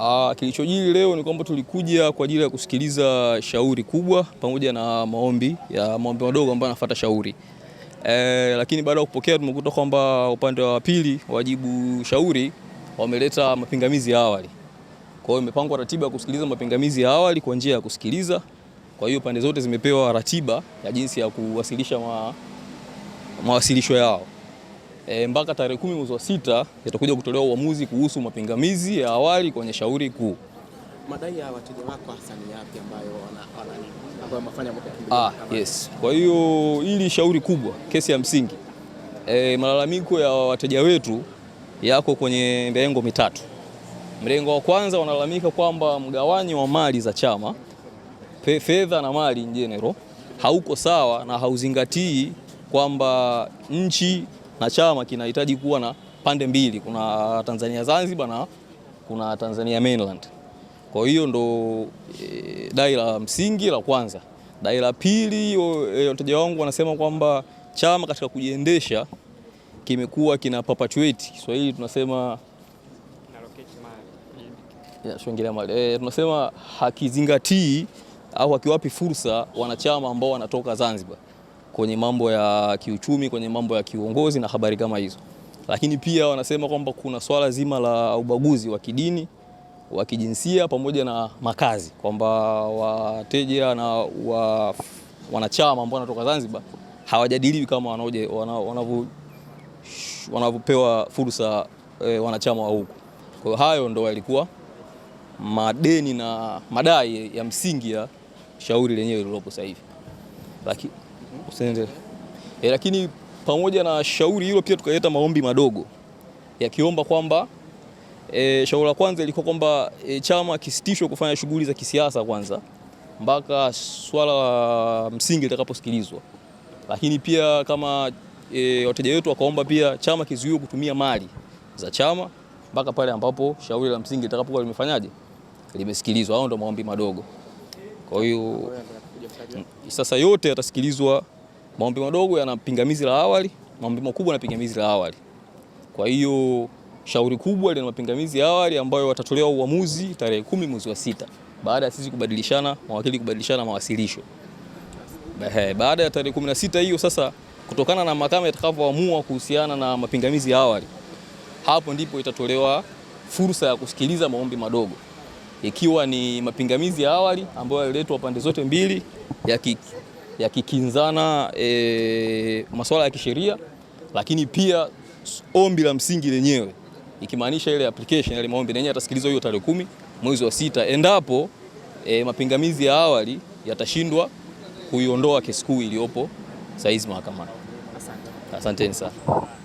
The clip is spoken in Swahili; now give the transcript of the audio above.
Ah, kilichojiri leo ni kwamba tulikuja kwa ajili ya kusikiliza shauri kubwa pamoja na maombi ya maombi madogo ambayo anafuata shauri e, lakini baada ya kupokea tumekuta kwamba upande wa pili wajibu shauri wameleta mapingamizi ya awali. Kwa hiyo imepangwa ratiba ya kusikiliza mapingamizi ya awali kwa njia ya kusikiliza. Kwa hiyo pande zote zimepewa ratiba ya jinsi ya kuwasilisha ma, mawasilisho yao e, mpaka tarehe kumi mwezi wa sita yatakuja kutolewa uamuzi kuhusu mapingamizi ya awali kwenye shauri kuu. Madai ya wateja wako hasa ni yapi ambayo wanafanya? Ah, yes. Kwa hiyo hili shauri kubwa, kesi ya msingi e, malalamiko ya wateja wetu yako kwenye mirengo mitatu. Mrengo wa kwanza wanalalamika kwamba mgawanyo wa mali za chama, fedha na mali in general hauko sawa na hauzingatii kwamba nchi na chama kinahitaji kuwa na pande mbili, kuna Tanzania Zanzibar na kuna Tanzania mainland. Kwa hiyo ndo e, dai la msingi la kwanza. Dai la pili, e, wateja wangu wanasema kwamba chama katika kujiendesha kimekuwa kina perpetuate, Kiswahili tunasema e, tunasema hakizingatii au hakiwapi fursa wanachama ambao wanatoka Zanzibar kwenye mambo ya kiuchumi, kwenye mambo ya kiuongozi na habari kama hizo. Lakini pia wanasema kwamba kuna swala zima la ubaguzi wa kidini, wa kijinsia pamoja na makazi, kwamba wateja na wa, wanachama ambao wanatoka Zanzibar hawajadiliwi kama wanavyopewa fursa e, wanachama wa huku. Kwa hiyo hayo ndo yalikuwa madeni na madai ya msingi ya shauri lenyewe lililopo sasa hivi. Lakini E, lakini pamoja na shauri hilo pia tukaleta maombi madogo yakiomba kwamba e, shauri la kwanza ilikuwa kwamba e, chama kisitishwe kufanya shughuli za kisiasa kwanza mpaka swala la msingi litakaposikilizwa, lakini pia kama e, wateja wetu wakaomba pia chama kizuiwe kutumia mali za chama mpaka pale ambapo shauri la msingi litakapokuwa limefanyaje limesikilizwa. Hao ndio maombi madogo. Kwa hiyo sasa yote yatasikilizwa Maombi madogo yana pingamizi la awali, maombi makubwa yana pingamizi la awali. Kwa hiyo shauri kubwa lina mapingamizi ya awali ambayo watatolewa uamuzi tarehe kumi mwezi wa sita baada ya sisi kubadilishana mawakili kubadilishana mawasilisho. Baada ya tarehe sita hiyo sasa, kutokana na mahakama itakavyoamua kuhusiana na mapingamizi ya awali, hapo ndipo itatolewa fursa ya kusikiliza maombi madogo, ikiwa ni mapingamizi ya awali ambayo yaliletwa pande zote mbili ya kiki yakikinzana e, masuala ya kisheria, lakini pia ombi la msingi lenyewe, ikimaanisha ile application ile maombi yenyewe yatasikilizwa hiyo tarehe kumi mwezi wa sita endapo e, mapingamizi ya awali yatashindwa kuiondoa kesi kuu iliyopo saizi mahakamani. Asanteni sana.